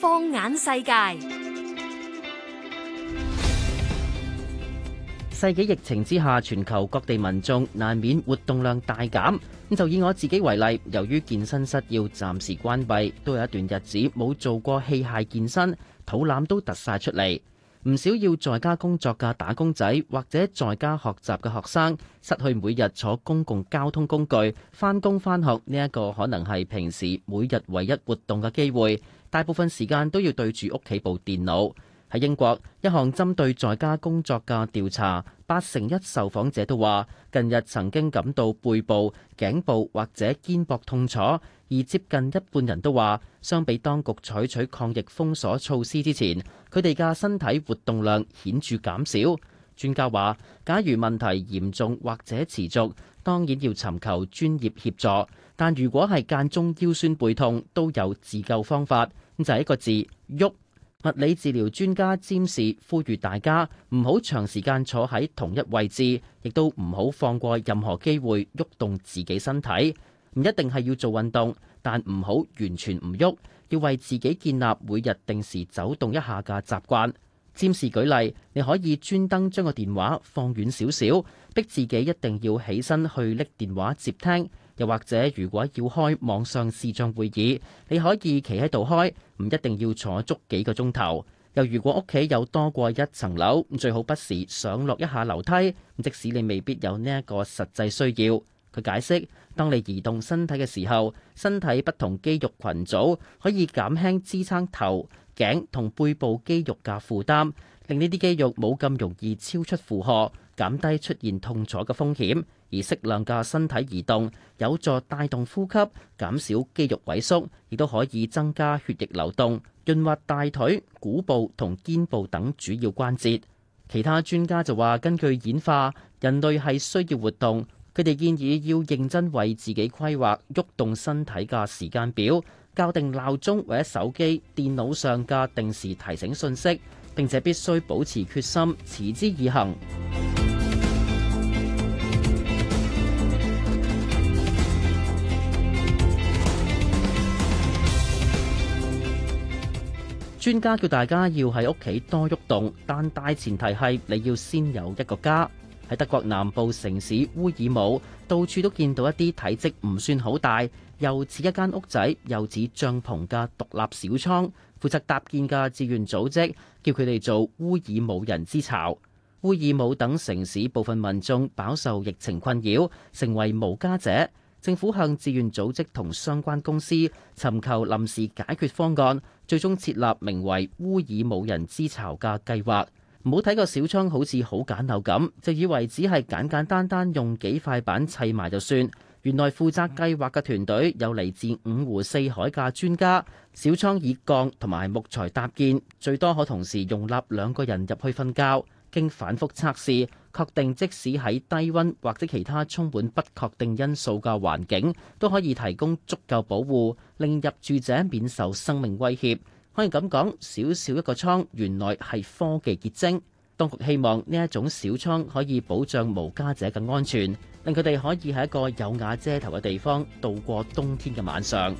放眼世界，世紀疫情之下，全球各地民眾難免活動量大減。咁就以我自己為例，由於健身室要暫時關閉，都有一段日子冇做過器械健身，肚腩都凸晒出嚟。唔少要在家工作嘅打工仔，或者在家學習嘅學生，失去每日坐公共交通工具翻工翻學呢一個可能係平時每日唯一活動嘅機會，大部分時間都要對住屋企部電腦。喺英國，一項針對在家工作嘅調查，八成一受訪者都話，近日曾經感到背部、頸部或者肩膊痛楚，而接近一半人都話，相比當局採取抗疫封鎖措施之前，佢哋嘅身體活動量顯著減少。專家話，假如問題嚴重或者持續，當然要尋求專業協助，但如果係間中腰酸背痛，都有自救方法，咁就係一個字：喐。物理治療專家詹士呼籲大家唔好長時間坐喺同一位置，亦都唔好放過任何機會喐動自己身體。唔一定係要做運動，但唔好完全唔喐，要為自己建立每日定時走動一下嘅習慣。詹士舉例，你可以專登將個電話放遠少少，逼自己一定要起身去拎電話接聽。又或者，如果要開網上視像會議，你可以企喺度開，唔一定要坐足幾個鐘頭。又如果屋企有多過一層樓，最好不時上落一下樓梯，即使你未必有呢一個實際需要。佢解釋，當你移動身體嘅時候，身體不同肌肉群組可以減輕支撐頭頸同背部肌肉嘅負擔，令呢啲肌肉冇咁容易超出負荷，減低出現痛楚嘅風險。而適量嘅身體移動有助帶動呼吸，減少肌肉萎縮，亦都可以增加血液流動，潤滑大腿、股部同肩部等主要關節。其他專家就話，根據演化，人類係需要活動。佢哋建議要認真為自己規劃喐動身體嘅時間表，校定鬧鐘或者手機、電腦上嘅定時提醒訊息，並且必須保持決心，持之以恒。專家叫大家要喺屋企多喐動，但大前提係你要先有一個家。喺德國南部城市烏爾姆，到處都見到一啲體積唔算好大，又似一間屋仔，又似帳篷嘅獨立小倉，負責搭建嘅志願組織叫佢哋做烏爾姆人之巢。烏爾姆等城市部分民眾飽受疫情困擾，成為無家者。政府向志願組織同相關公司尋求臨時解決方案，最終設立名為“烏爾冇人之巢”嘅計劃。唔好睇個小倉好似好簡陋咁，就以為只係簡簡單單用幾塊板砌埋就算。原來負責計劃嘅團隊有嚟自五湖四海嘅專家。小倉以鋼同埋木材搭建，最多可同時容納兩個人入去瞓覺。經反覆測試，確定，即使喺低溫或者其他充滿不確定因素嘅環境，都可以提供足夠保護，令入住者免受生命威脅。可以咁講，小小一個倉原來係科技結晶。當局希望呢一種小倉可以保障無家者嘅安全，令佢哋可以喺一個有瓦遮頭嘅地方度過冬天嘅晚上。